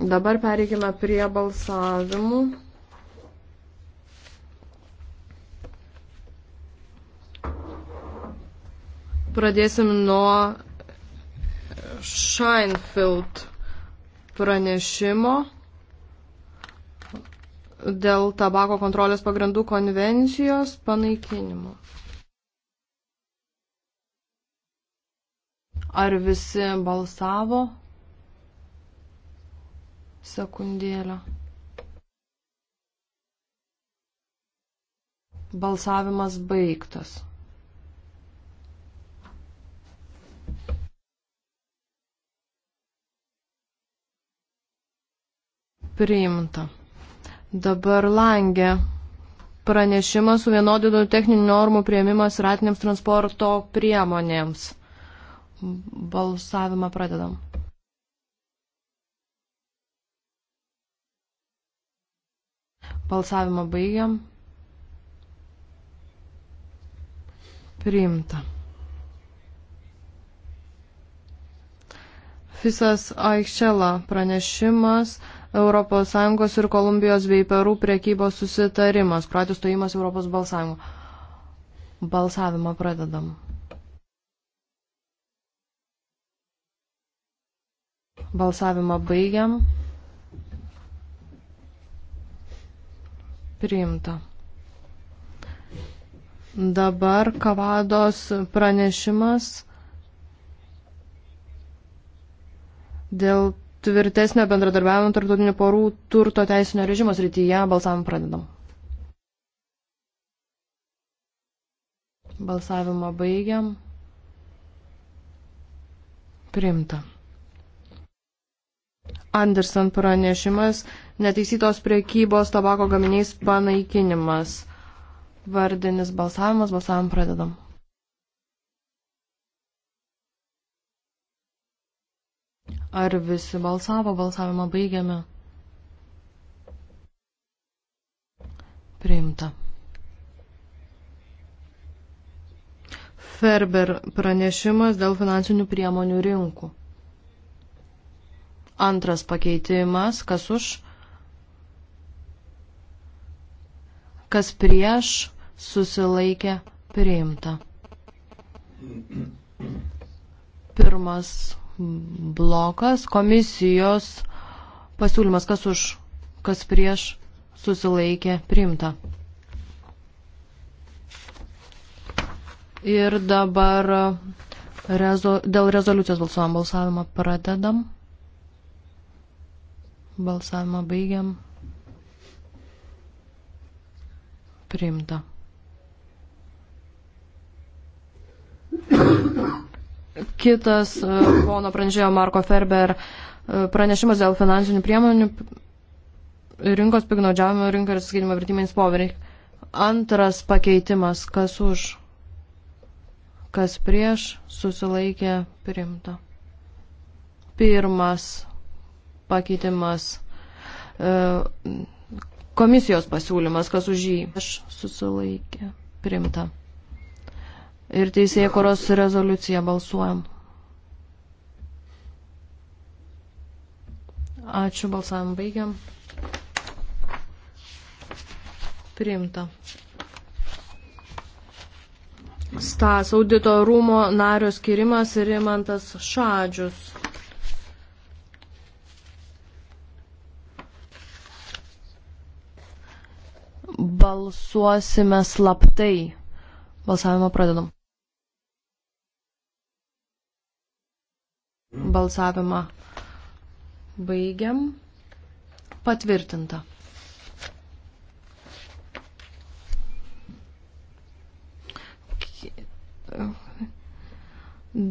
Dabar pereikime prie balsavimų. Pradėsim nuo Scheinfeld pranešimo dėl tabako kontrolės pagrindų konvencijos panaikinimo. Ar visi balsavo? sekundėlę. Balsavimas baigtas. Priimta. Dabar langė. Pranešimas su vienodinų techninių normų prieimimas ratiniams transporto priemonėms. Balsavimą pradedam. Balsavimą baigiam. Priimta. Fisas Aikšela pranešimas ES ir Kolumbijos bei Perų priekybos susitarimas, pratys stojimas Europos balsavimo. Balsavimą pradedam. Balsavimą baigiam. Priimta. Dabar Kavados pranešimas dėl tvirtesnio bendradarbiavimo tarptautinių porų turto teisinio režimo srityje balsavimą pradedam. Balsavimą baigiam. Priimta. Anderson pranešimas neteisytos priekybos tabako gaminiais panaikinimas. Vardinis balsavimas, balsavim pradedam. Ar visi balsavo, balsavimą baigiame? Priimta. Ferber pranešimas dėl finansinių priemonių rinkų. Antras pakeitimas, kas už, kas prieš, susilaikė priimta. Pirmas blokas, komisijos pasiūlymas, kas už, kas prieš, susilaikė priimta. Ir dabar rezo, dėl rezoliucijos balsuojam balsavimą pradedam. Balsavimą baigiam. Priimta. Kitas e, pono pranešėjo Marko Ferber e, pranešimas dėl finansinių priemonių rinkos pignaudžiavimo rinką ir atsiskaitimo vertimais poveriai. Antras pakeitimas, kas už, kas prieš, susilaikė primta. Pirmas pakeitimas, e, komisijos pasiūlymas, kas už jį. Aš susilaikė, primta. Ir teisėjai koros rezoliuciją balsuojam. Ačiū, balsavimą baigiam. Priimta. Stas audito rūmo nario skirimas ir Rimantas Šadžius. balsuosime slaptai. Balsavimą pradedam. Balsavimą baigiam. Patvirtinta.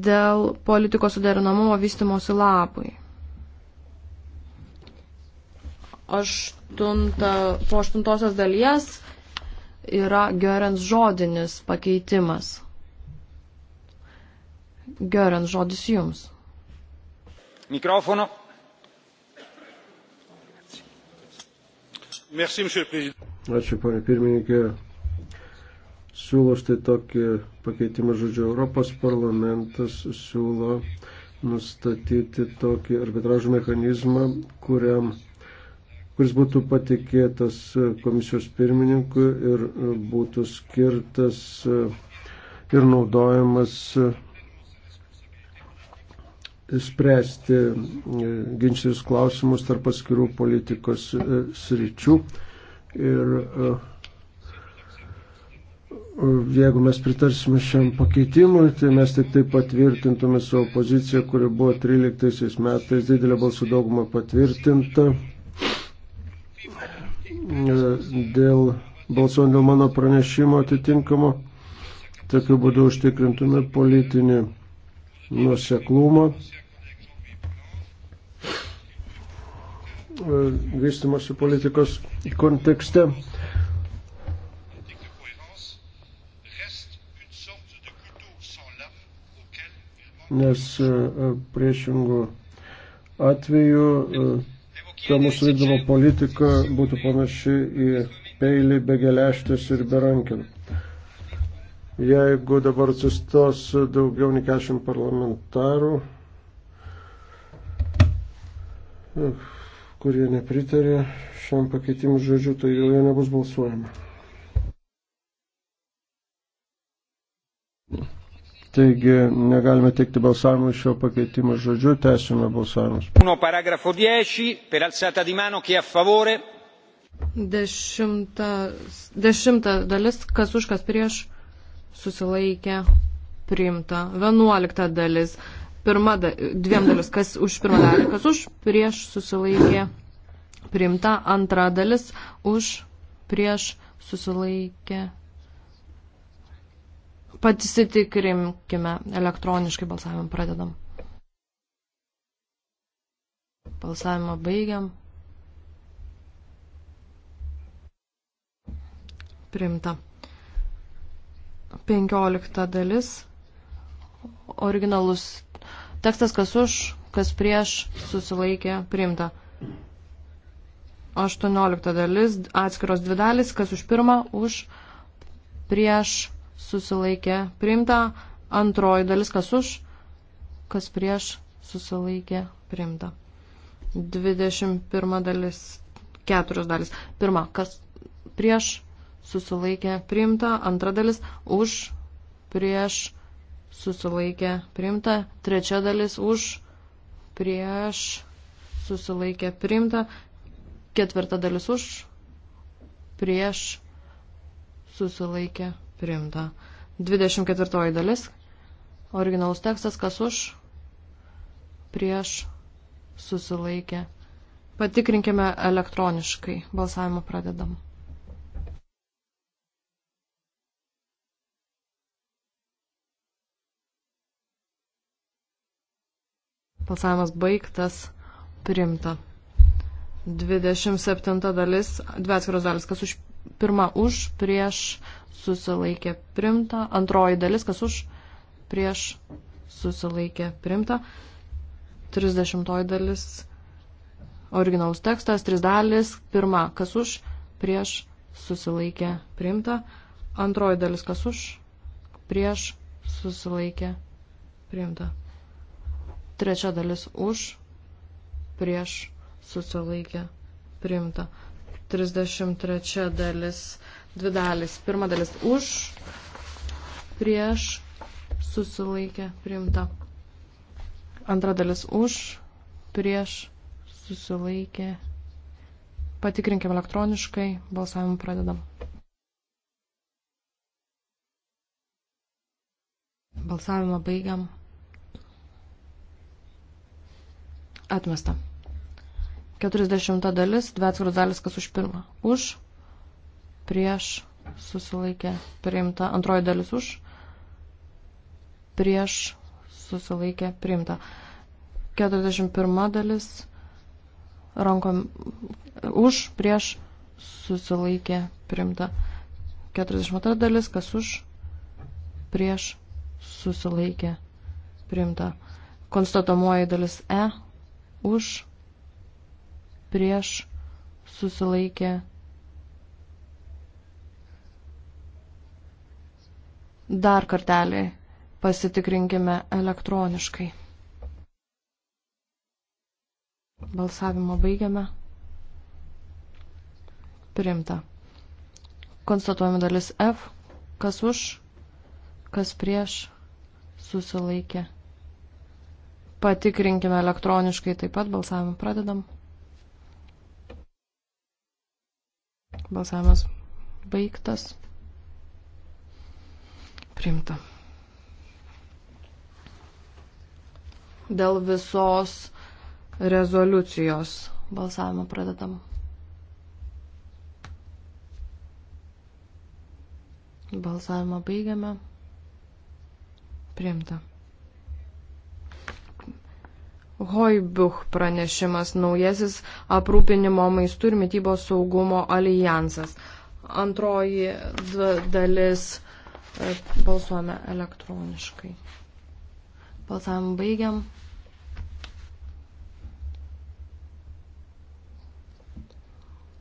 Dėl politikos suderinamumo vystimosi labui aštunta, po aštuntosios dalies yra gerens žodinis pakeitimas. Gerens žodis jums. Mikrofono. Merci, Ačiū, panė pirmininkė siūlo štai tokį pakeitimą žodžiu. Europos parlamentas siūlo nustatyti tokį arbitražų mechanizmą, kuriam kuris būtų patikėtas komisijos pirmininkui ir būtų skirtas e, ir naudojamas e, spręsti e, ginčius klausimus tarp atskirų politikos sričių. Ir jeigu mes pritarsime šiam pakeitimui, tai mes tik tai patvirtintume savo poziciją, kuri buvo 13 metais didelė balsų dauguma patvirtinta dėl balsuojant dėl mano pranešimo atitinkamo. Tokiu būdu užtikrintume politinį nuseklumą. E, vystimosi politikos kontekste. Nes e, priešingų atveju e, ta mūsų vykdoma politika būtų panaši į peilį be geleštės ir be rankinų. Jeigu dabar atsistos daugiau nei 40 parlamentarų, kurie nepritarė šiam pakeitimui žodžiu, tai jau nebus balsuojama. Taigi negalime teikti balsavimų šio pakeitimo žodžiu, tęsime balsavimus. 1 paragrafo 10 per alzata di mano chi a favore. Dešimta, dešimta dalis, kas už kas prieš, susilaikė, priimta. Vienuolikta dalis, pirma, da, dviem dalis, kas už pirmą dalį, kas už prieš, susilaikė, priimta. Antra dalis, už prieš, susilaikė, Pasitikrimkime elektroniškai balsavimą pradedam. Balsavimą baigiam. Primta. 15 dalis. Originalus tekstas, kas už, kas prieš, susilaikė, primta. 18 dalis, atskiros dvi dalis, kas už pirmą, už, prieš, susilaikė primta, antroji dalis kas už, kas prieš susilaikė primta. 21 dalis, keturios dalis. Pirma, kas prieš susilaikė primta, antra dalis už, prieš susilaikė primta, trečia dalis už, prieš susilaikė primta, ketvirta dalis už, prieš susilaikė primta Priimta. 24 dalis. Originalus tekstas, kas už, prieš, susilaikė. Patikrinkime elektroniškai. Balsavimą pradedam. Balsavimas baigtas. Primta. 27 dalis, dvi atskiros dalis, kas už pirmą už, prieš susilaikė primta. Antroji dalis, kas už, prieš, susilaikė primta. 30 dalis, originalus tekstas, 3 dalis, pirma, kas už, prieš, susilaikė primta. Antroji dalis, kas už, prieš, susilaikė primta. Trečia dalis už, prieš, susilaikė primta. 33 dalis Dvi dalis. Pirma dalis už, prieš, susilaikė, priimta. Antra dalis už, prieš, susilaikė. Patikrinkim elektroniškai, balsavimą pradedam. Balsavimą baigiam. Atmesta. 40 dalis, 2 atskiros dalis, kas už pirmą. Už, prieš susilaikė priimta. Antroji dalis už, prieš susilaikė priimta. 41 dalis rankom už, prieš susilaikė priimta. 42 dalis, kas už, prieš susilaikė priimta. Konstatomuoji dalis E už, prieš susilaikė priimta Dar kartelį pasitikrinkime elektroniškai. Balsavimą baigiame. Primta. Konstatuojame dalis F. Kas už, kas prieš, susilaikė. Patikrinkime elektroniškai taip pat balsavimą pradedam. Balsavimas baigtas. Primta. Dėl visos rezoliucijos balsavimo pradedam. Balsavimą baigiame. Primta. Hoibuch pranešimas naujasis aprūpinimo maistų ir mytybos saugumo alijansas. Antroji dalis Balsuojame elektroniškai. Balsavimą baigiam.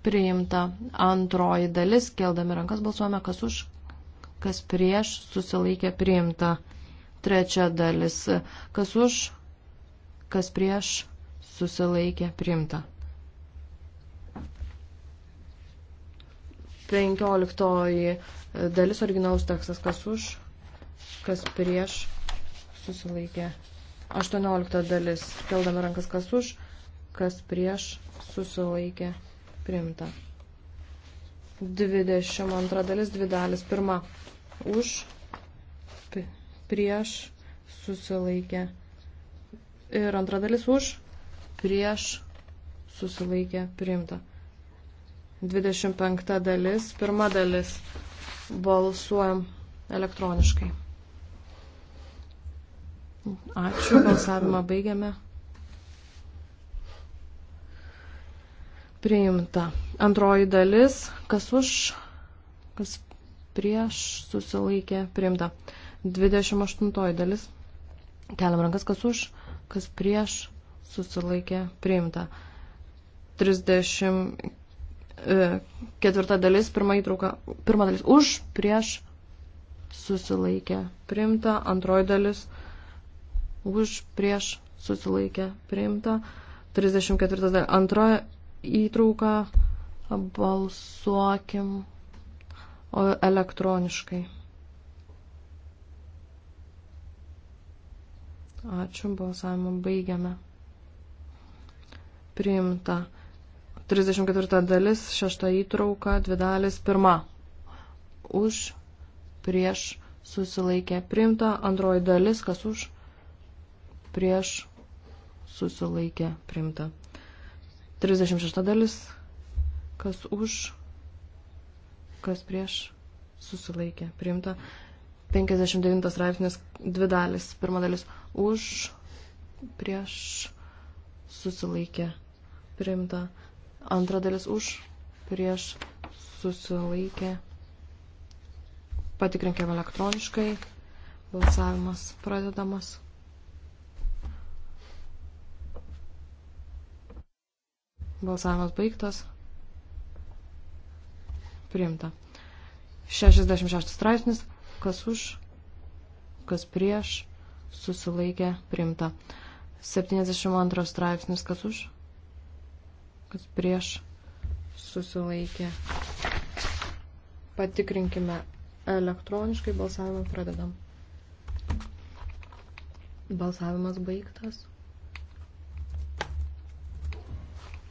Priimta antroji dalis, keldami rankas balsuojame, kas už, kas prieš, susilaikė priimta. Trečia dalis, kas už, kas prieš, susilaikė priimta. 15 dalis originalus tekstas, kas už, kas prieš, susilaikė. 18 dalis, keldami rankas, kas už, kas prieš, susilaikė, primta. 22 dalis, dvi dalis, pirma, už, prieš, susilaikė. Ir antra dalis už, prieš, susilaikė, primta. 25 dalis, pirma dalis. Balsuojam elektroniškai. Ačiū, balsavimą baigiame. Priimta. Antroji dalis, kas už, kas prieš, susilaikė, priimta. 28 dalis, keliam rankas, kas už, kas prieš, susilaikė, priimta. 30 E, ketvirta dalis, pirma įtrauka, pirma dalis už, prieš, susilaikė, priimta. Antroji dalis už, prieš, susilaikė, priimta. 34 dalis, antroji įtrauka, balsuokim elektroniškai. Ačiū, balsavimą baigiame. Priimta. 34 dalis, 6 įtrauka, 2 dalis, 1. Už, prieš, susilaikė, primta, antroji dalis, kas už, prieš, susilaikė, primta. 36 dalis, kas už, kas prieš, susilaikė, primta. 59 straipsnis, dvi dalis, pirma dalis, už, prieš, susilaikė, primta Antra dalis už, prieš susilaikė. Patikrinkime elektroniškai. Balsavimas pradedamas. Balsavimas baigtas. Priimta. 66 straipsnis. Kas už, kas prieš, susilaikė, priimta. 72 straipsnis. Kas už, kas prieš susilaikė. Patikrinkime elektroniškai balsavimą pradedam. Balsavimas baigtas.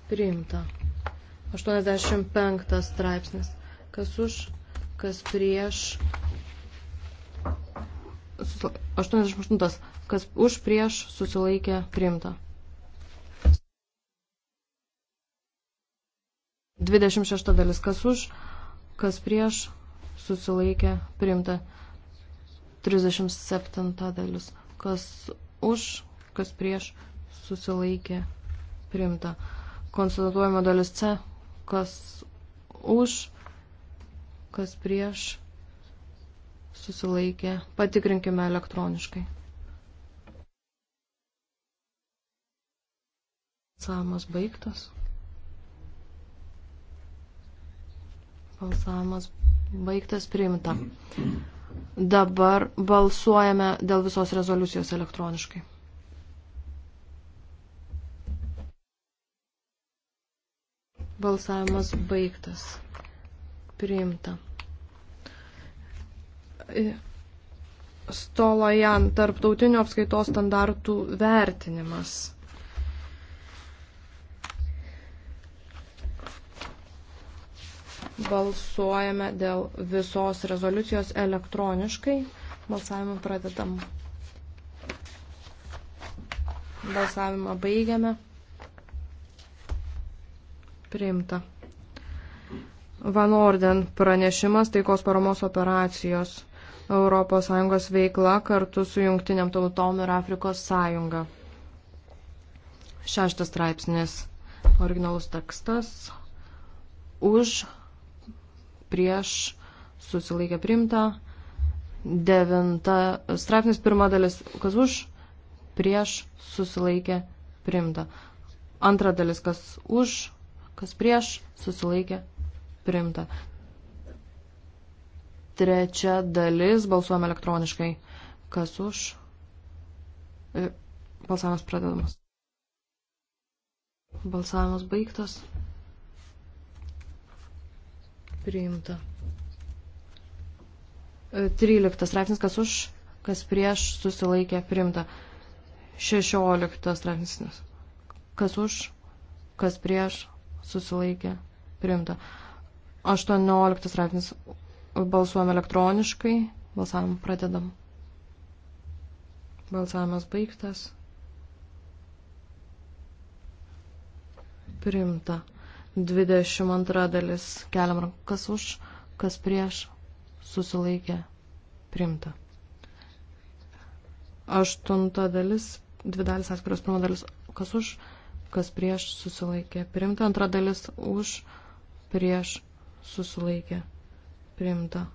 Priimta. 85 straipsnis. Kas už, kas prieš. 88. Kas už prieš susilaikė priimta. 26 dalis kas už, kas prieš, susilaikė, priimta. 37 dalis kas už, kas prieš, susilaikė, priimta. Konstatuojama dalis C, kas už, kas prieš, susilaikė. Patikrinkime elektroniškai. Samas baigtas. Balsavimas baigtas priimta. Dabar balsuojame dėl visos rezoliucijos elektroniškai. Balsavimas baigtas. Priimta. Stolojan tarptautinio apskaitos standartų vertinimas. Balsuojame dėl visos rezoliucijos elektroniškai. Balsavimą pradedam. Balsavimą baigiame. Priimta. Van Orden pranešimas taikos paramos operacijos. ES veikla kartu su Jungtiniam tautom ir Afrikos sąjunga. Šeštas straipsnis. Originalus tekstas. Už prieš susilaikė primta. Devinta straipsnis pirma dalis, kas už, prieš susilaikė primta. Antra dalis, kas už, kas prieš susilaikė primta. Trečia dalis, balsuojam elektroniškai. Kas už? E, balsavimas pradedamas. Balsavimas baigtas priimta. 13 e, straipsnis, kas už, kas prieš, susilaikė, priimta. 16 straipsnis, kas už, kas prieš, susilaikė, priimta. 18 straipsnis, balsuojam elektroniškai, balsavimą pradedam. Balsavimas baigtas. Primta. 22 dalis keliam rankas už, kas prieš susilaikė primta. Aštunta dalis, dvi dalis atskiros, pirma dalis kas už, kas prieš susilaikė primta, antra dalis už, prieš susilaikė primta.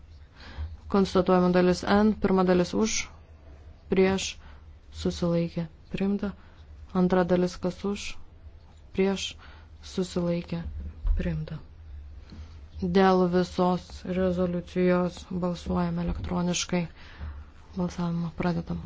Konstatuojama dalis N, pirma dalis už, prieš susilaikė primta, antra dalis kas už, prieš susilaikė primta susilaikė priimta. Dėl visos rezoliucijos balsuojame elektroniškai. Balsavimą pradedam.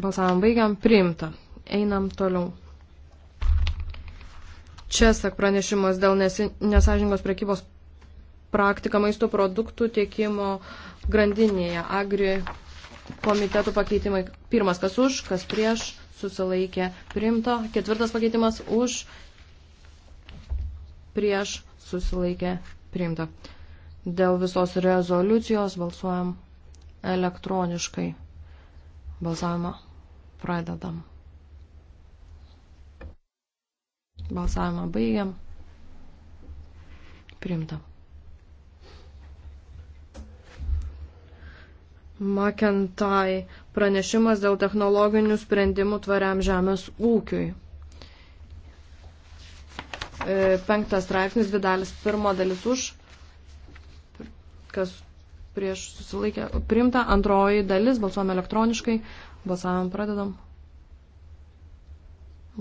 Balsavimą baigiam, priimta. Einam toliau. Česak pranešimas dėl nesažingos prekybos praktiką maisto produktų tiekimo grandinėje. Agri komitetų pakeitimai. Pirmas, kas už, kas prieš, susilaikė primto. Ketvirtas pakeitimas už, prieš, susilaikė primto. Dėl visos rezoliucijos balsuojam elektroniškai. Balsavimą pradedam. Balsavimą baigiam. Primta. Makentai pranešimas dėl technologinių sprendimų tvariam žemės ūkiui. E, penktas straipsnis, dvi dalis, pirmo dalis už, kas prieš susilaikė, primta, antroji dalis, balsuojame elektroniškai, balsavimą pradedam,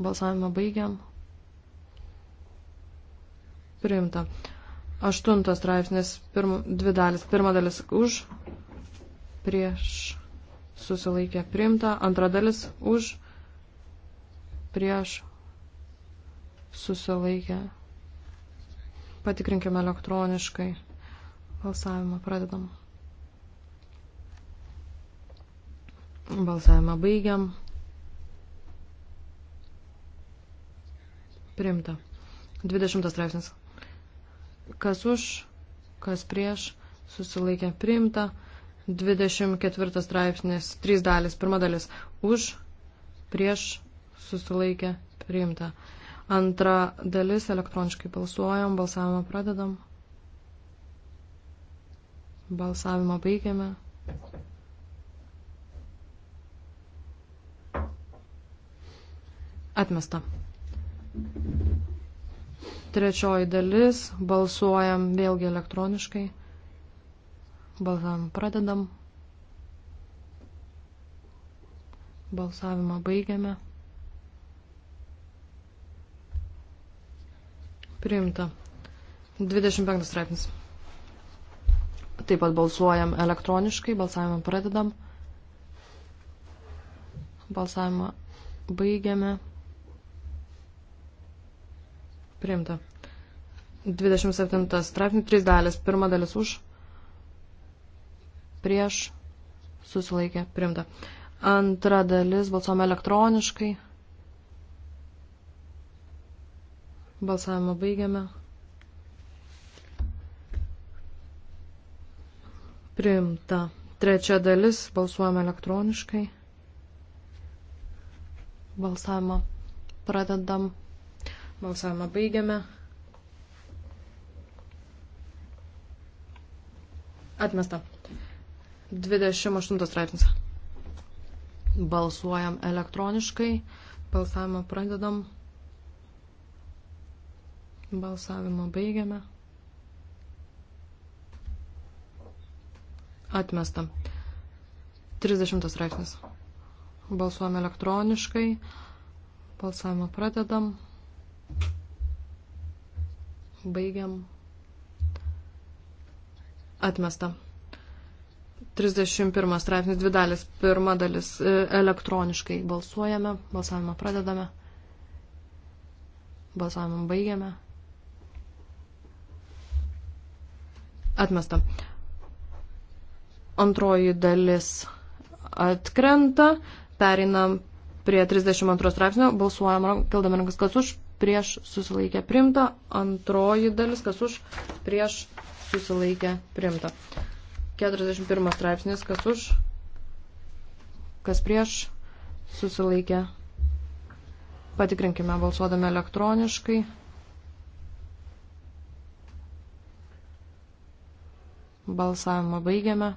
balsavimą baigiam, primta. Aštuntas straipsnis, pirm, dvi dalis, pirma dalis už, prieš susilaikė priimta, antra dalis už prieš susilaikė. Patikrinkime elektroniškai. Balsavimą pradedam. Balsavimą baigiam. Primta. 20 straipsnis. Kas už, kas prieš, susilaikė primta. 24 straipsnis, 3 dalis, pirma dalis už, prieš, susilaikė, priimta. Antra dalis, elektroniškai balsuojam, balsavimą pradedam. Balsavimą baigiame. Atmesta. Trečioji dalis, balsuojam vėlgi elektroniškai. Balsavimą pradedam. Balsavimą baigiame. Priimta. 25 straipsnis. Taip pat balsuojam elektroniškai, balsavimą pradedam. Balsavimą baigiame. Priimta. 27 straipsnis, 3 dalis. Pirma dalis už prieš susilaikė primta. Antra dalis balsuojame elektroniškai. Balsavimą baigiame. Primta. Trečia dalis balsuojame elektroniškai. Balsavimą pradedam. Balsavimą baigiame. Atmesta. 28 straipsnis. Balsuojam elektroniškai. Balsavimą pradedam. Balsavimą baigiame. Atmesta. 30 straipsnis. Balsuojam elektroniškai. Balsavimą pradedam. Baigiam. Atmesta. 31 straipsnis, dvi dalis, pirma dalis e, elektroniškai balsuojame, balsavimą pradedame, balsavimą baigiame. Atmesta. Antroji dalis atkrenta, perinam prie 32 straipsnio, balsuojam, kildami rankas, kas už, prieš susilaikę primta, antroji dalis, kas už, prieš susilaikę primta. 41 straipsnis, kas už, kas prieš, susilaikė. Patikrinkime balsuodami elektroniškai. Balsavimą baigiame.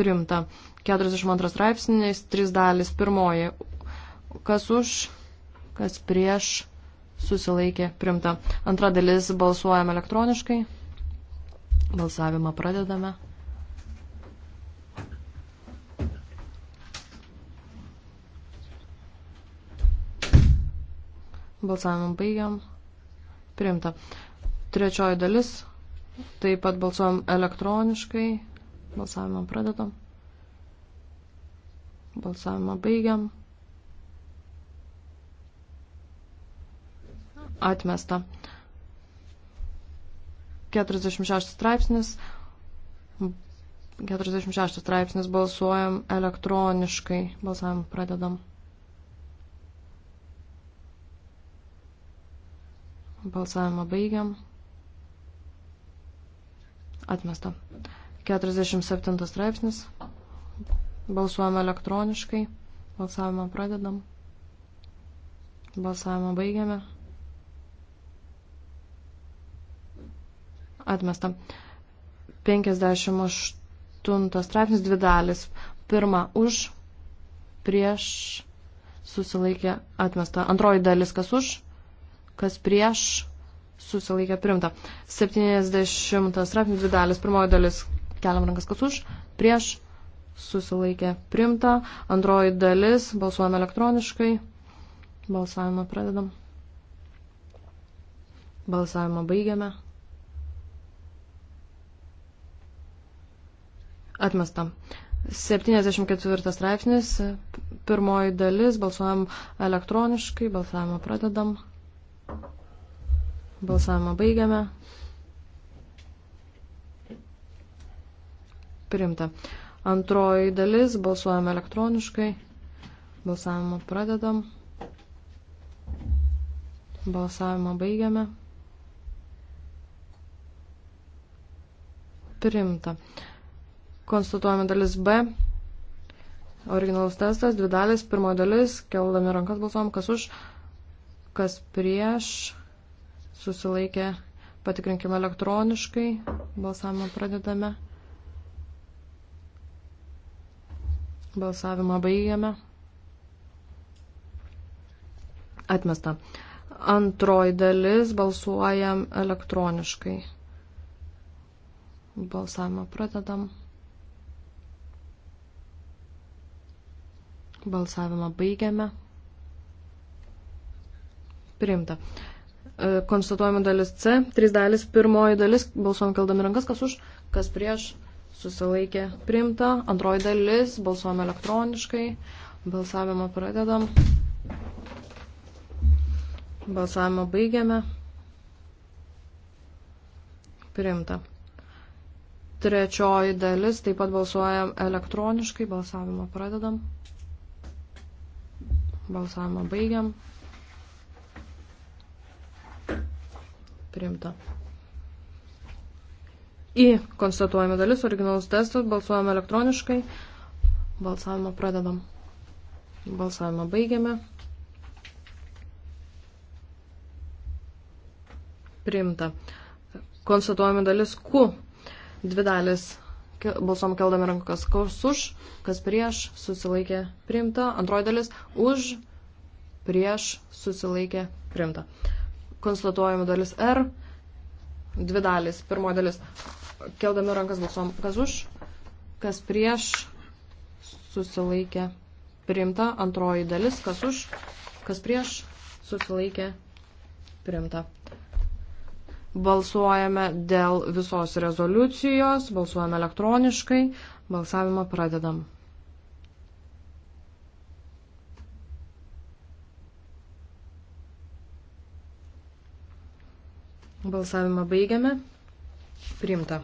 Primta. 42 straipsnis, 3 dalis, pirmoji. Kas už, kas prieš, susilaikė, primta. Antra dalis balsuojam elektroniškai. Balsavimą pradedame. Balsavimą baigiam. Priimta. Trečioji dalis. Taip pat balsuojam elektroniškai. Balsavimą pradedam. Balsavimą baigiam. Atmesta. 46 straipsnis. 46 straipsnis balsuojam elektroniškai. Balsavimą pradedam. Balsavimą baigiam. Atmesta. 47 straipsnis. Balsuojam elektroniškai. Balsavimą pradedam. Balsavimą baigiame. atmesta. 58 straipsnis dvi dalis. Pirma už, prieš, susilaikė atmesta. Antroji dalis kas už, kas prieš, susilaikė primta. 70 straipsnis dvi dalis. Pirmoji dalis keliam rankas kas už, prieš, susilaikė primta. Antroji dalis balsuojame elektroniškai. Balsavimą pradedam. Balsavimą baigiame. Atmestam. 74 straipsnis, pirmoji dalis, balsuojam elektroniškai, balsavimą pradedam, balsavimą baigiame. Priimta. Antroji dalis, balsuojam elektroniškai, balsavimą pradedam, balsavimą baigiame. Priimta. Konstatuojame dalis B. Originalus testas, dvi dalis, pirmoji dalis, keldami rankas balsuom, kas už, kas prieš, susilaikė, patikrinkime elektroniškai, balsavimą pradedame. Balsavimą baigiame. Atmesta. Antroji dalis balsuojam elektroniškai. Balsavimą pradedam. Balsavimą baigiame. Priimta. E, konstatuojama dalis C. Trys dalis. Pirmoji dalis. Balsuojame keldami rankas. Kas už, kas prieš. Susilaikė. Priimta. Antroji dalis. Balsuojame elektroniškai. Balsavimą pradedam. Balsavimą baigiame. Priimta. Trečioji dalis, taip pat balsuojam elektroniškai, balsavimą pradedam. Balsavimą baigiam. Priimta. Į konstatuojame dalis, originalus testas, balsuojame elektroniškai. Balsavimą pradedam. Balsavimą baigiame. Priimta. Konstatuojame dalis Q. Dvi dalis balsuom keldami rankas, kas už, kas prieš, susilaikė priimta. Antroji dalis už, prieš, susilaikė priimta. Konstatuojama dalis R, dvi dalis. Pirmoji dalis, keldami rankas balsuom, kas už, kas prieš, susilaikė priimta. Antroji dalis, kas už, kas prieš, susilaikė priimta. Balsuojame dėl visos rezoliucijos, balsuojame elektroniškai, balsavimą pradedam. Balsavimą baigiame. Priimta.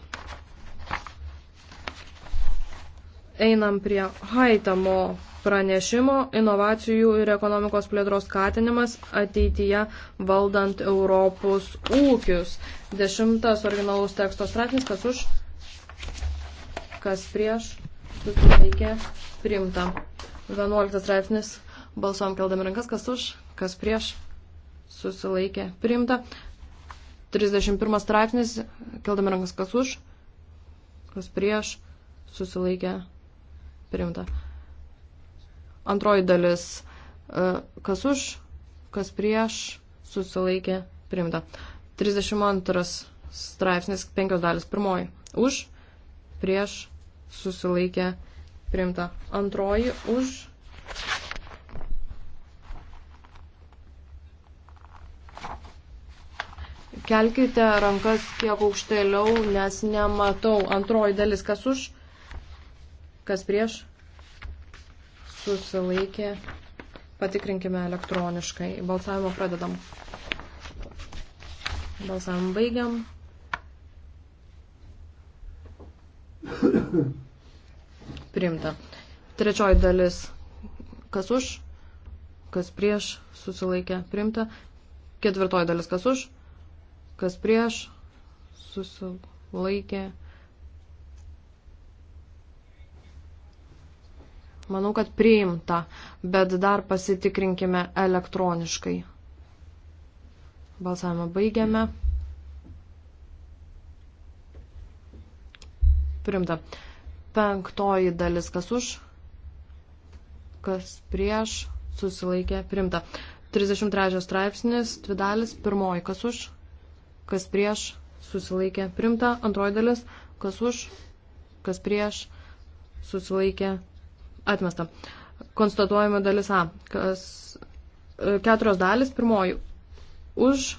einam prie Haitamo pranešimo inovacijų ir ekonomikos plėtros skatinimas ateityje valdant Europos ūkius. Dešimtas originalus teksto straipsnis, kas už, kas prieš, susilaikė, priimta. Vienuoliktas straipsnis, balsuom keldami rankas, kas už, kas prieš, susilaikė, priimta. 31 straipsnis, keldami rankas, kas už, kas prieš, susilaikė, priimta Priimta. Antroji dalis. E, kas už, kas prieš, susilaikė, priimta. 32 straipsnis, 5 dalis. Pirmoji. Už, prieš, susilaikė, priimta. Antroji. Už. Kelkite rankas kiek aukštėliau, nes nematau. Antroji dalis, kas už, Kas prieš? Susilaikė. Patikrinkime elektroniškai. Balsavimo pradedam. Balsavimą baigiam. Primta. Trečioji dalis. Kas už? Kas prieš? Susilaikė. Primta. Ketvirtoji dalis. Kas už? Kas prieš? Susilaikė. Manau, kad priimta, bet dar pasitikrinkime elektroniškai. Balsavimą baigiame. Priimta. Penktoji dalis, kas už, kas prieš, susilaikė, priimta. 33 straipsnis, dvi dalis, pirmoji, kas už, kas prieš, susilaikė, priimta. Antroji dalis, kas už, kas prieš, susilaikė, Atmesta. Konstatuojama dalis A. Kas, e, keturios dalis. Pirmoji. Už.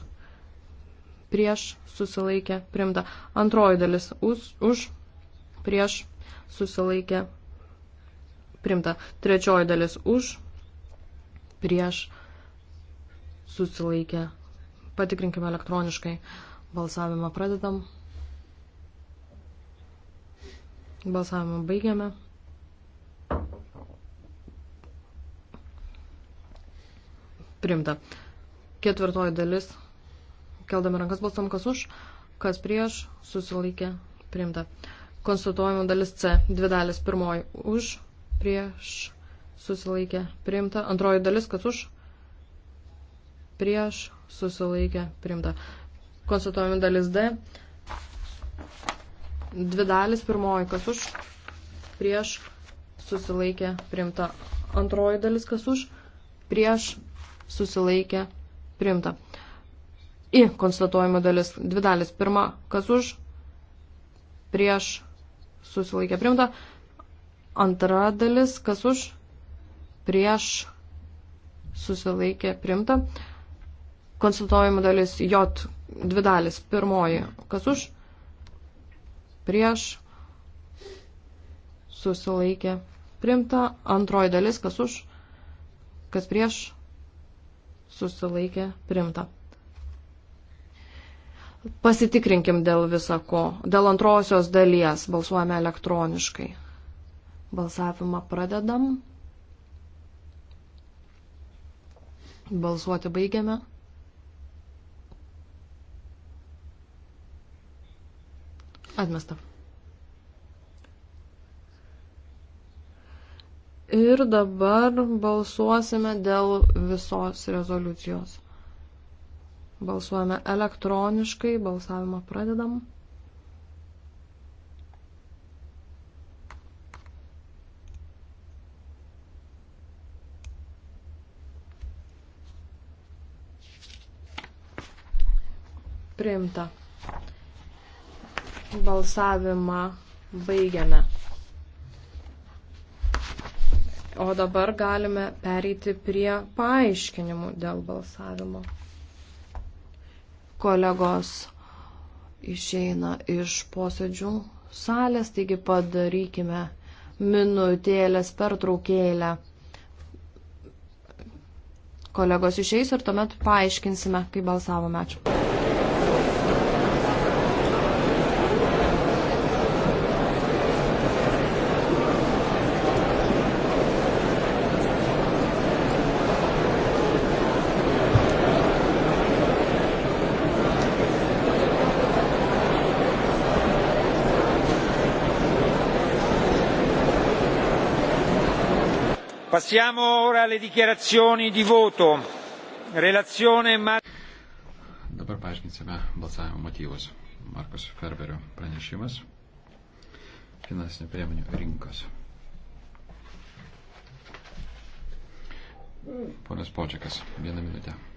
Prieš. Susilaikė. Primta. Antroji dalis. Už. už prieš. Susilaikė. Primta. Trečioji dalis. Už. Prieš. Susilaikė. Patikrinkime elektroniškai. Balsavimą pradedam. Balsavimą baigiame. Primta. Ketvirtoji dalis. Keldami rankas balsam, kas už, kas prieš, susilaikė, primta. Konstatuojama dalis C. Dvi dalis. Pirmoji už, prieš, susilaikė, primta. Antroji dalis, kas už, prieš, susilaikė, primta. Konstatuojama dalis D. Dvi dalis. Pirmoji, kas už, prieš, susilaikė, primta. Antroji dalis, kas už, prieš, susilaikė, priimta. Į konstatuojimo dalis, dvi dalis. Pirma, kas už, prieš, susilaikė, priimta. Antra dalis, kas už, prieš, susilaikė, priimta. Konstatuojimo dalis J, dvi dalis. Pirmoji, kas už, prieš, susilaikė, priimta. Antroji dalis, kas už, kas prieš, susilaikė primta. Pasitikrinkim dėl visako. Dėl antrosios dalies balsuojame elektroniškai. Balsavimą pradedam. Balsuoti baigiame. Atmesta. Ir dabar balsuosime dėl visos rezoliucijos. Balsuojame elektroniškai, balsavimą pradedam. Priimta. Balsavimą baigiame. O dabar galime pereiti prie paaiškinimų dėl balsavimo. Kolegos išeina iš posėdžių salės, taigi padarykime minutėlės pertraukėlę. Kolegos išeis ir tuomet paaiškinsime, kaip balsavome. Ačiū. alle dichiarazioni di voto. Relazione Mar... Dabar paaiškinsime balsavimo motyvus. Markus Ferberio pranešimas. Finansinių priemonių rinkos. Ponas Počiakas, vieną minutę.